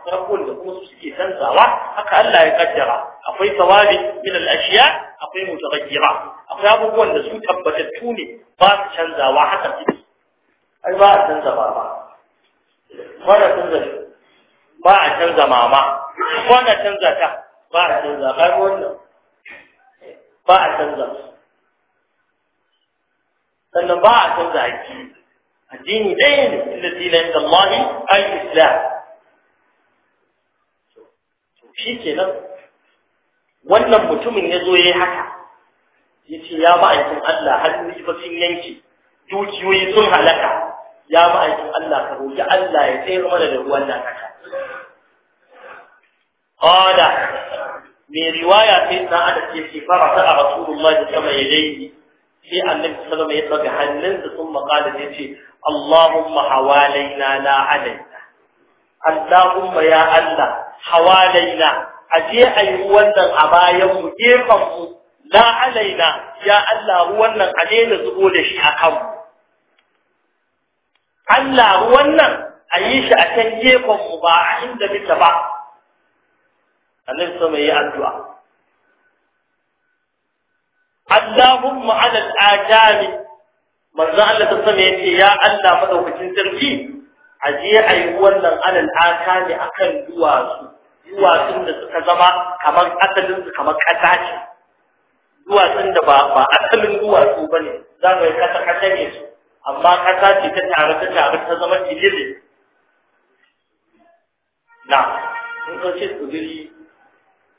akwai abubuwan da kuma su suke canzawa haka Allah ya kaddara akwai tawabi min al-ashiya akwai mutaghayyira akwai abubuwan da su tabbatattu ne ba su canzawa haka suke ai ba a canza ba ba wanda canza ba a canza mama wanda canza ta ba a canza ba wannan ba a canza sannan ba a canza addini addini dai ne alladhi la ilaha illa Allah al-islam shi kenan wannan mutumin ya zo ya yi haka ya ce ya ma'aikin Allah hannu ba sun yanke dukiyoyi sun halaka ya ma'aikin Allah ka roƙi Allah ya tsayar mana da ruwan nan haka qala me riwaya sai na ada ce ce fara ta rasulullahi sallallahu alaihi sai annabi sallallahu alaihi wasallam ya hannun sun maqala ya ce Allahumma hawalaina la alaina Allahumma ya Allah hawalaina a je a yi wannan a bayan mu gefen mu la alaina ya Allah wannan a daina zubo da shi a kanmu Allah ruwan a yi shi a can gefen mu ba a inda muke ba annabi mai yi addu'a Allahumma ala al-ajami manzo Allah ta sama yace ya Allah madaukakin sarki a je a yi wannan alal ala al-akami akan duwatsu sun da suka zama kamar asalin su kamar ƙasa ce sun da ba asalin asalin duwatsu ba ne za mu yi kasa kasa ne su amma ƙasa ce ta tare ta tare ta zama ilili na in ka ce tsibiri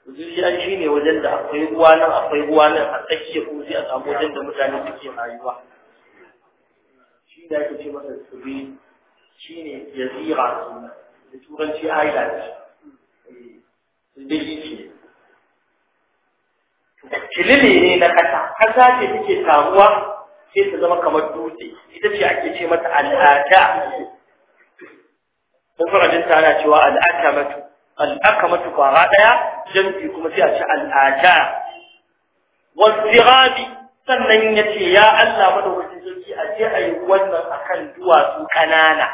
tsibiri an shi ne wajen da akwai ruwa nan akwai ruwa nan a tsakiyar kuma a samu wajen da mutane suke rayuwa shi ne ake ce masa tsibiri shi ne suna da turanci island lime ne na ƙasa ƙasa ce take taruwa sai ta zama kamar dutse ita ce ake ce mata al'ada kuma rajin tana cewa al'ada matu al'aka matu kwara ɗaya jam'i kuma sai a ce al'ada wasirabi sannan ya ce ya Allah wasu sarki a ce a yi wannan a kan duwatsu ƙanana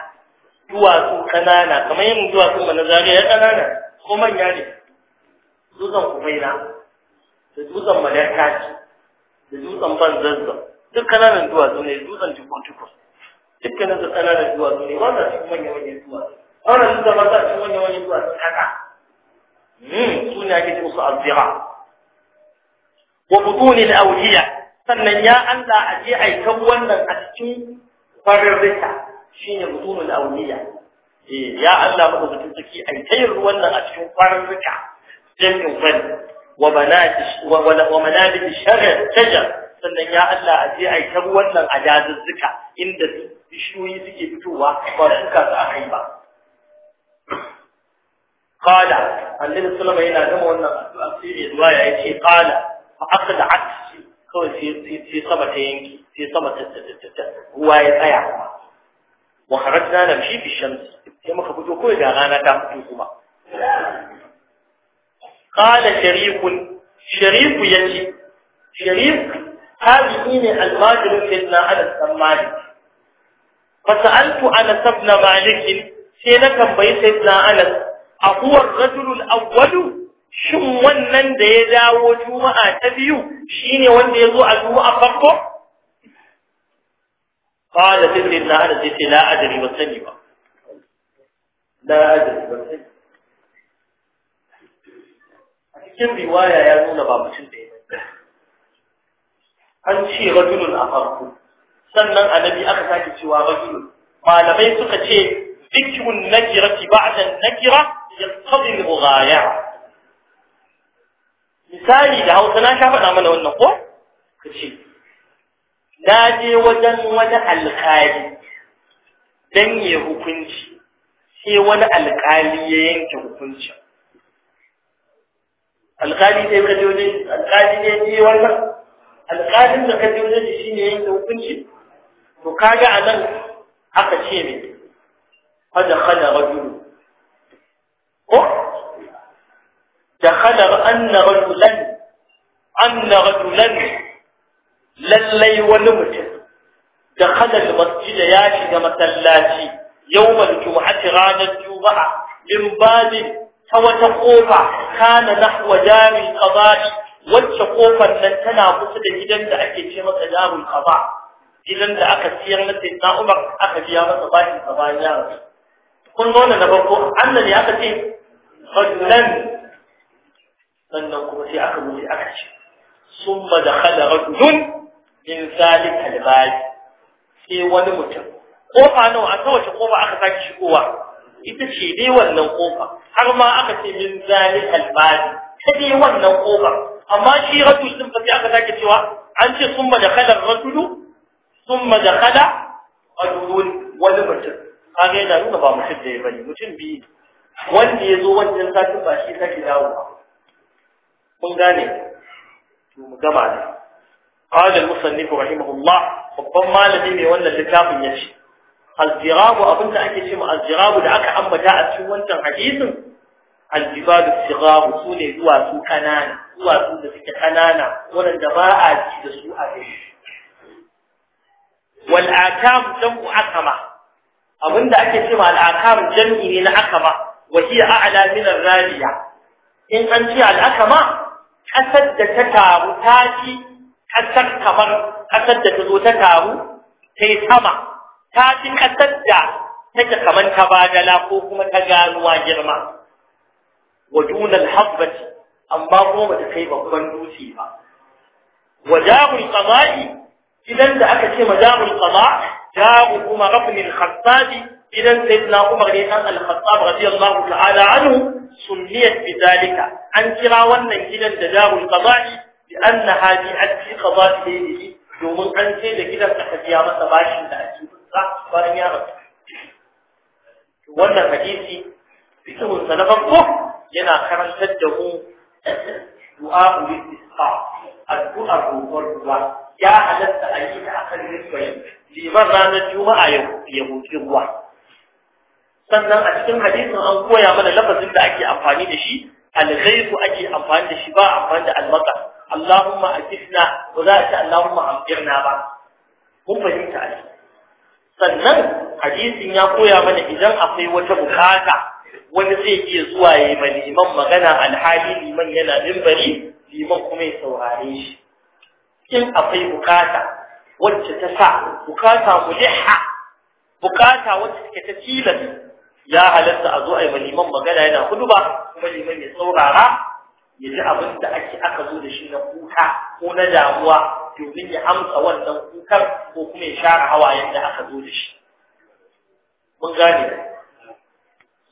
duwatsu ƙanana kamar yin duwatsun manazariya ƙanana ko manya ne dutsen kubaina da dutsen madarka da dutsen ban zazzan duk kananan duwatsu ne dutsen tukur-tukur dukkanin da kananan duwatsu ne wanda su manya manya duwatsu wanda dutsen ba za su manya manya duwatsu kaka hmm, su ne ake musu azira wa butunin auliya sannan ya Allah a je a kan wannan a cikin farin rika shine butunin auliya eh ya Allah maka butun ciki a kai ruwan nan a cikin farin rika sai in fadi wa banati wa manabit shajar shajar sannan ya Allah a je a yi ta wannan ajazuzzuka inda bishiyoyi suke fitowa ba suka su aka yi ba qala annabi sallama yana gama wannan addu'a sai ya zuwa ya ce qala fa aqda'at kawai sai sama ta yanki sai sama ta ruwa ya tsaya wa kharajna namshi fi shams sai muka fito kawai ga rana ta fito kuma قال شريك شريك يجي شريك هذه من الماجر سيدنا على السمالي فسألت أنس بن مالك سينك بي سيدنا أنس أهو الرجل الأول shin wannan da ya dawo juma'a ta biyu shine wanda ya zo a juma'a farko qala sayyidina anas la ba cikin riwaya ya nuna ba mutum da ya an ce rajulun a farko sannan annabi aka sake cewa rajulun malamai suka ce zikrun nakira na kira nakira yaqtadi al-ghaya misali da Hausa na sha faɗa mana wannan ko ka ce na je wajen wani alƙali dan ya hukunci sai wani alƙali ya yanke hukuncin alƙali ne ka je wajen alƙali ne ne wannan alƙalin da ka je wajen shi ne yanke hukunci to kaga a nan aka ce ne fada khala rajulu ko da khala anna rajulan anna rajulan lallai wani mutum da khala masjid ya shiga masallaci yawmal jumu'ati ranar juma'a min babin ta wata kofa kana nahwa daril qada'i wacce kofar nan tana kusa da gidan da ake ce masa darul qada gidan da aka siyar na sayyidina Umar aka biya masa bashin sa bayan ya rasu kun ga wannan na farko annabi aka ce fadlan sannan kuma sai aka wuce aka ce summa dakhala rajulun min zalika al sai wani mutum kofa nawa a ta wace kofa aka sake shigowa ita ce dai wannan kofa har ma aka ce min zalil albani ta dai wannan kofa amma shi rajul din fa sai aka sake cewa an ce summa da khala rajulu summa da khala rajulun wani mutum kaga yana nuna ba mutum da ya bane mutum biyu wanda ya zo wannan satin ba shi sake dawowa kun gane to mu gama da قال المصنف رحمه الله ربما لدي wannan littafin yace al-jirabu abinda ake ce al-jirabu da aka ambata a cikin wancan hadisin al-jibalu sigabu su ne zuwa su kanana zuwa su da suke kanana wanda ba a ji da su a gari wal akam jam'u akama abinda ake ce mu al-akam jam'i ne na akama wa hiya a'la in an ce al-akama kasar da ta taru ta ci kamar kasar da ta zo ta taru sai sama ta fi ƙasar da take kamar ta badala ko kuma ta ganuwa girma wa dunal habbati amma kuma bata kai babban dutse ba wajahul qama'i idan da aka ce majahul qama jahu kuma rafn al-khattab idan sayyidina umar ne dan al-khattab radiyallahu ta'ala anhu sunniyat bidalika an kira wannan gidan da jahul qama'i bi annaha bi'at qada'i domin an ce da gidan aka biya masa bashin da ake sa bayan ya wannan hadisi fikihun sa na farko yana karantar da mu du'a istisqa addu'ar roƙon ruwa ya halatta a yi ta akan rikwayi liman ranar juma'a ya roƙi ruwa sannan a cikin hadisin an koya mana lafazin da ake amfani da shi alghaibu ake amfani da shi ba amfani da almaka Allahumma akifna ba za a ce Allahumma amfirna ba mun fahimta a sannan hadisin ya koya mana idan akwai wata bukata wani zai iya zuwa ya yi liman magana alhali liman yana mimbari liman kuma ya saurare shi in akwai bukata wacce ta sa bukata liha? bukata wacce take ta tilas ya halatta a zo a yi liman magana yana hudu ba kuma liman ya saurara ya ji abin da ake aka zo da shi na kuka ko na damuwa domin ya amsa wannan kukar ko kuma ya share hawayen da aka zo da shi mun gane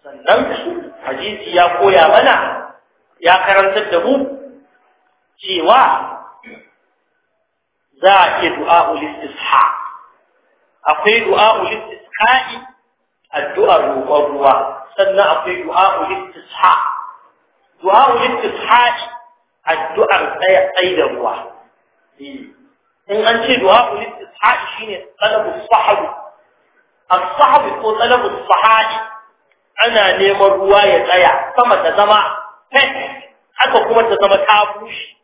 sannan su hadisi ya koya mana ya karantar da mu cewa za a iya du'a'ul isha. akwai du'a'ul istisqa'i addu'ar roƙon ruwa sannan akwai isha, Du'a du'a'ul istisha addu'ar tsaya tsaye da ruwa eh. in an ce du'a ul istisha'i shine talabu sahabi as-sahabi ko talabu sahabi ana neman ruwa ya tsaya sama ta zama haka kuma ta zama ta bushi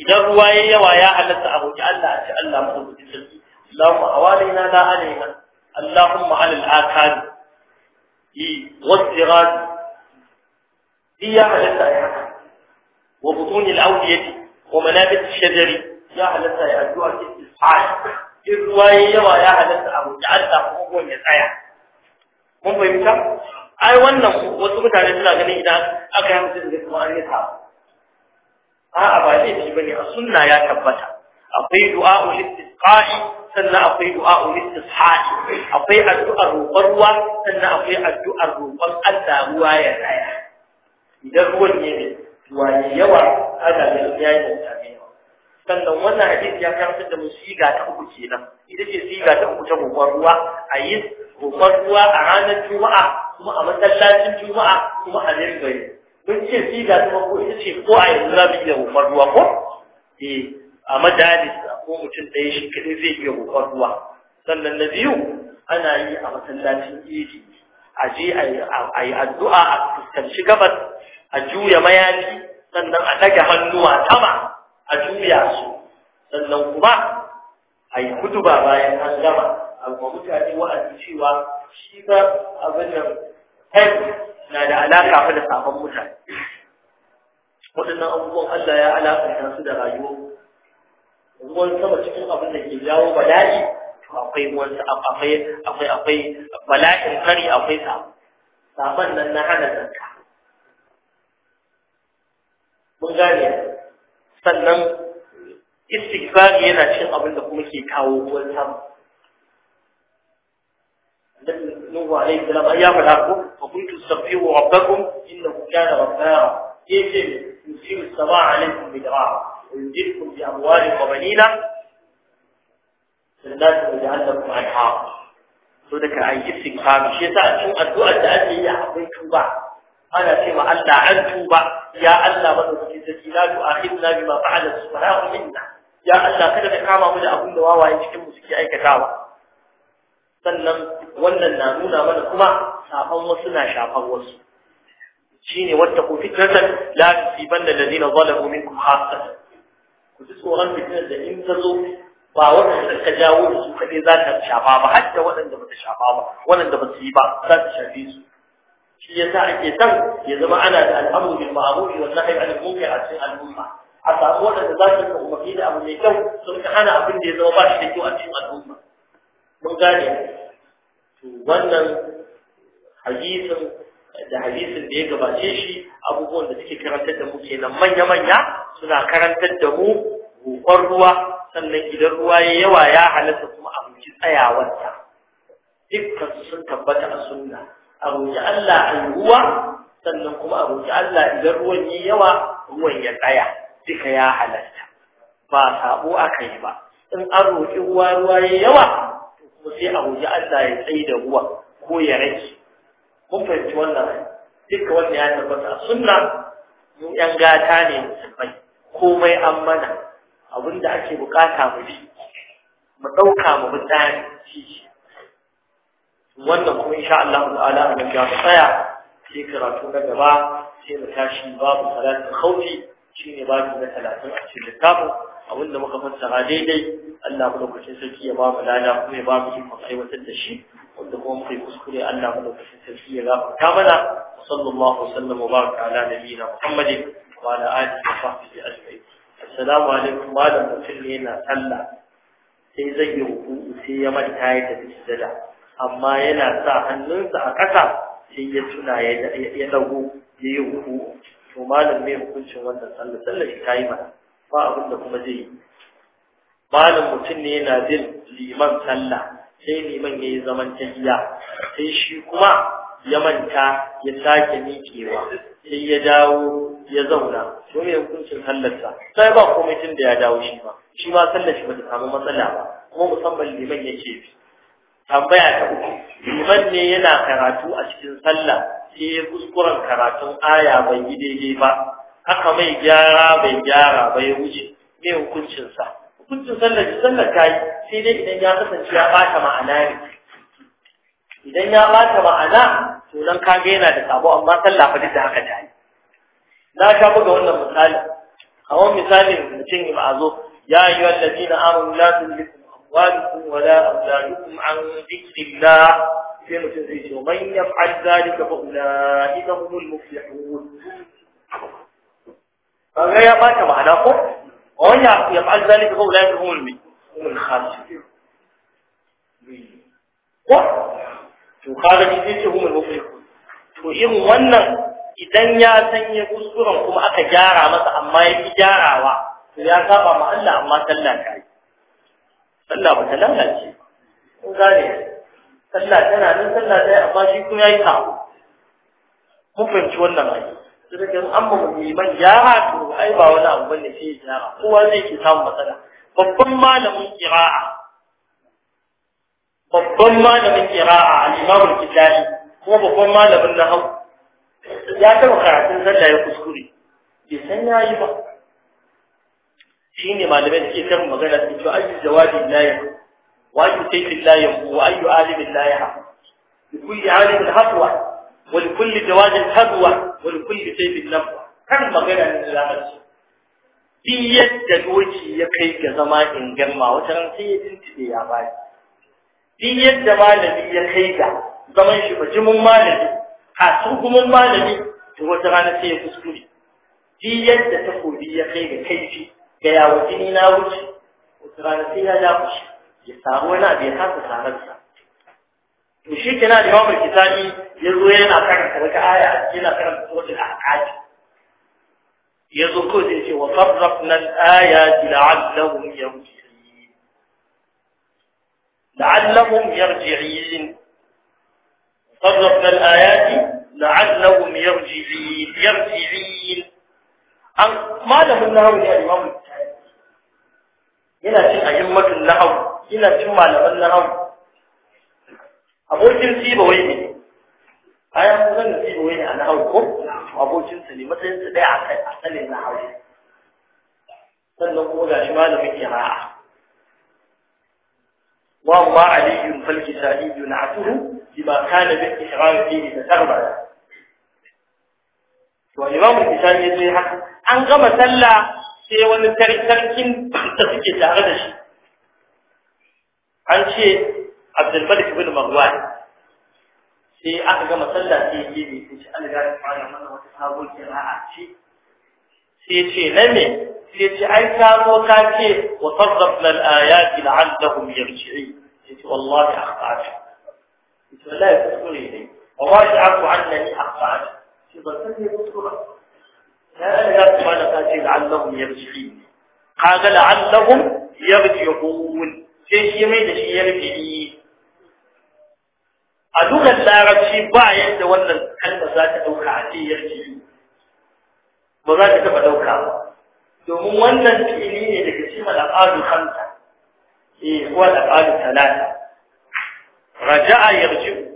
idan ruwa ya yawa ya halatta a hoji Allah a ce Allah maɗaukakin sarki Allahumma awalaina la alaina Allahumma alal akad yi wasirat di ya halatta ya haka wa butunil awdiyati wa manabit shajari ya halatta ya addu'a tsaya in ruwa yi yawa ya halatta a roƙi Allah kuma ko ya tsaya mun fahimta ai wannan wasu mutane suna ganin idan aka yi musu da kuma an yi ta a'a ba zai ci bane a sunna ya tabbata akwai du'a istisqa'i sannan akwai du'a istisqa'i akwai addu'ar roƙon ruwa sannan akwai addu'ar roƙon Allah ruwa ya tsaya idan ruwan ne ruwa yawa ana da yayin tafiya sannan wannan hadisi ya karantar da mu siga ta uku kenan ita ce siga ta uku ta gobar ruwa a yi gobar ruwa a ranar juma'a kuma a masallacin juma'a kuma a mimbari mun ce siga ta farko ita ce ko a yanzu za mu iya gobar ruwa ko eh a majalis ko mutum ɗaya shi kaɗai zai iya gobar ruwa sannan na biyu ana yi a masallacin idi a je a yi addu'a a fuskanci gabas a juya mayafi sannan a ɗaga hannuwa sama a juya su sannan kuma a yi kutuba bayan an gama amma mutane wa'azi cewa shi ba abin da haif na da alaƙa fa da sabon mutane waɗannan abubuwan Allah ya alakanta su da rayuwa ruwan sama cikin abin da ke jawo bala'i to akwai ruwan akwai akwai akwai bala'in kari akwai sa sabon nan na hana zanka mun gane sannan istighfari yana cin abin da kuma ke kawo ruwan sama Nuhu alaihi salam ya faɗa ko wa kuntu tasbihu rabbakum innahu kana ghaffara yace yusiru samaa alaikum bid'a ويمددكم بأموال وبنين جنات ويجعل لكم أنهار so daga an yi shi yasa a cikin da ake yi a akwai tuba ana ce Allah an tuba ya Allah ba madaukakin sarki la tu'akhidna bima fa'ala as-sufaha'u minna ya Allah kada ka kama mu da abin da wawaye cikin mu suke aikatawa sannan wannan na nuna mana kuma safan wasu na shafan wasu shine wattaqu fitratan la tusibanna alladhina zalamu minkum khassatan ku ji tsoron fitnar da in ta zo ba waɗanda ka jawo da su kaɗai za ta shafa ba har da waɗanda ba ta shafa ba waɗanda ba su yi ba za ta shafe su shi yasa ake san ya zama ana da al'amru bil ma'ruf wa nahy anil munkar a cikin al'umma a samu wadanda za su yi umarni da abu mai kyau sun ka hana abin da ya zama ba shi da kyau a cikin al'umma mun gane to wannan hadisin da hadisin da ya gabace shi abubuwan da suke karantar da mu kenan manya-manya suna karantar da mu roƙon ruwa sannan idan ruwa ya yawa ya halatta kuma abinci tsayawarta dukkan sun tabbata a sunna a roƙi Allah a yi ruwa sannan kuma a roƙi Allah idan ruwan yi yawa ruwan ya tsaya duka ya halarta ba sabo aka yi ba in an roƙi ruwa ruwa ya yawa to kuma sai a roƙi Allah ya tsaye da ruwa ko ya rage mun fahimci wannan duka wannan ya tabbata sunna mu yan gata ne musulmai komai an mana abinda ake bukata mu bi mu ɗauka mu bi tsari shi wannan kuma insha Allah ta'ala a gaskiya tsaya sai karatu na gaba sai mu tashi babu salatul khawfi shine babu na 30 a cikin littafin abinda muka fassara daidai Allah madaukakin sarki ya ba mu lada kuma ya ba mu kai wata da shi wanda kuma mu kai kuskure Allah madaukakin sarki ya gafarta mana sallallahu alaihi wa baraka ala nabiyina Muhammadin wa ala alihi wa sahbihi ajma'in assalamu alaikum malam mutum ne na sallah sai zai yi ruku sai ya manta ya tafi sujada amma yana sa hannunsa a ƙasa sai ya tuna ya dago ya yi huku to malam mai hukuncin wannan sallah sallah shi ta yi mana ba abin da kuma zai yi malam mutum ne yana jin liman sallah sai liman ya yi zaman tahiya sai shi kuma ya manta ya sake miƙewa sai ya dawo ya zauna to mai hukuncin sallarsa sai ba komai tun da ya dawo shi ba shi ma sallar shi ba ta samu matsala ba kuma musamman liman ya ce bi tambaya ta uku liman ne yana karatu a cikin sallah sai ya kuskuren karatun aya bai yi daidai ba haka mai gyara bai gyara ba ya wuce mai hukuncinsa hukuncin sallar shi sallah ta yi sai dai idan ya kasance ya bata ma'ana ne idan ya bata ma'ana to nan ka ga yana da sabo amma sallah fa duk da haka ta yi na sha buga wannan misali a wani misalin mutum ya zo, ya yi wallazina amanu la tulku أموالكم ولا أولادكم عن ذكر الله في متزيج ومن يفعل ذلك فأولئك هم المفلحون فغير ما كمعناكم ومن يفعل ذلك فأولئك هم الخاسرون to kaga ni zai ce humul muflihun to irin wannan idan ya sanya ya kuskuren kuma aka gyara masa amma ya ki gyarawa to ya saba ma Allah amma sallah kai sallah ba ta lalace kun gane sallah tana nan sallah ta yi amma shi kuma ya yi samu mun fahimci wannan ai sai kan an ba liman gyara to ai ba wani abu bane sai gyara kowa zai ke samun matsala babban malamin qira'a babban malamin qira'a al-imam al kitabi kuma babban malamin nahwu ya taba karatun sallah ya kuskure bai san yayi ba ne malamai da ke kan magana da ce ayyu jawabin la ya wa ayyu sayfin la ya wa ayyu alimin la ya likulli alimin hadwa wa likulli jawabin hadwa wa likulli sayfin nafwa kan magana ne da Allah bi yadda doki ya kai ga zama ingamma wata ran sai ya tuntube ya bai bi yadda malami ya kai ga zaman shi bajimin malami a tsugumin malami to wata rana sai ya kuskure bi yadda takobi ya kai ga kaifi ga ya wuce ni na wuce wata rana sai ya ya wuce ya samu wani abu ya kasa tararsa to shi kina da yawan kitabi ya zo yana karanta wata aya yana karanta suratul ahqaf ya zo ko sai ce wa sarrafna al-ayati la'allahum yarji'un la'allahum yarji'un صرفنا الآيات لعلهم يرجعين يرجعين an malamin nahawu ne a imamu yana cin a'immatul nahawu yana cin malaman nahawu abokin siba wai ne ayan kusan da siba wai ne a nahawu ko Abokinsa ne matsayin sa dai a kai a tsanin nahawu sannan kuma gashi malamin kira'a وأما علي فالكسائي نعته بما كان بالإحرام فيه تتغبر وإمام الكسائي يزيح an gama sallah sai wani sarkin da suke tare da shi an ce Abdul Malik ibn marwan sai aka gama sallah sai ya gebe sai an ga fara mana wata sabon kira'a ce sai ce na me sai ce ai samo ka ce wa sarrafna al-ayati la'allahum yarji'un sai ce wallahi akhta'tu sai wallahi kuskure ne wallahi afu annani akhta'tu sai ba ban sani kuskure هذا يا سبحانه تاتي لعلهم يرجعون قال sai shi mai da shi ya a dukan larabci ba yadda wannan kalma za ta ɗauka a ce yarji ba za ta taɓa ɗauka ba domin wannan fili ne daga cikin al'adu kanta eh ko al'adu talata raja'a yarji'u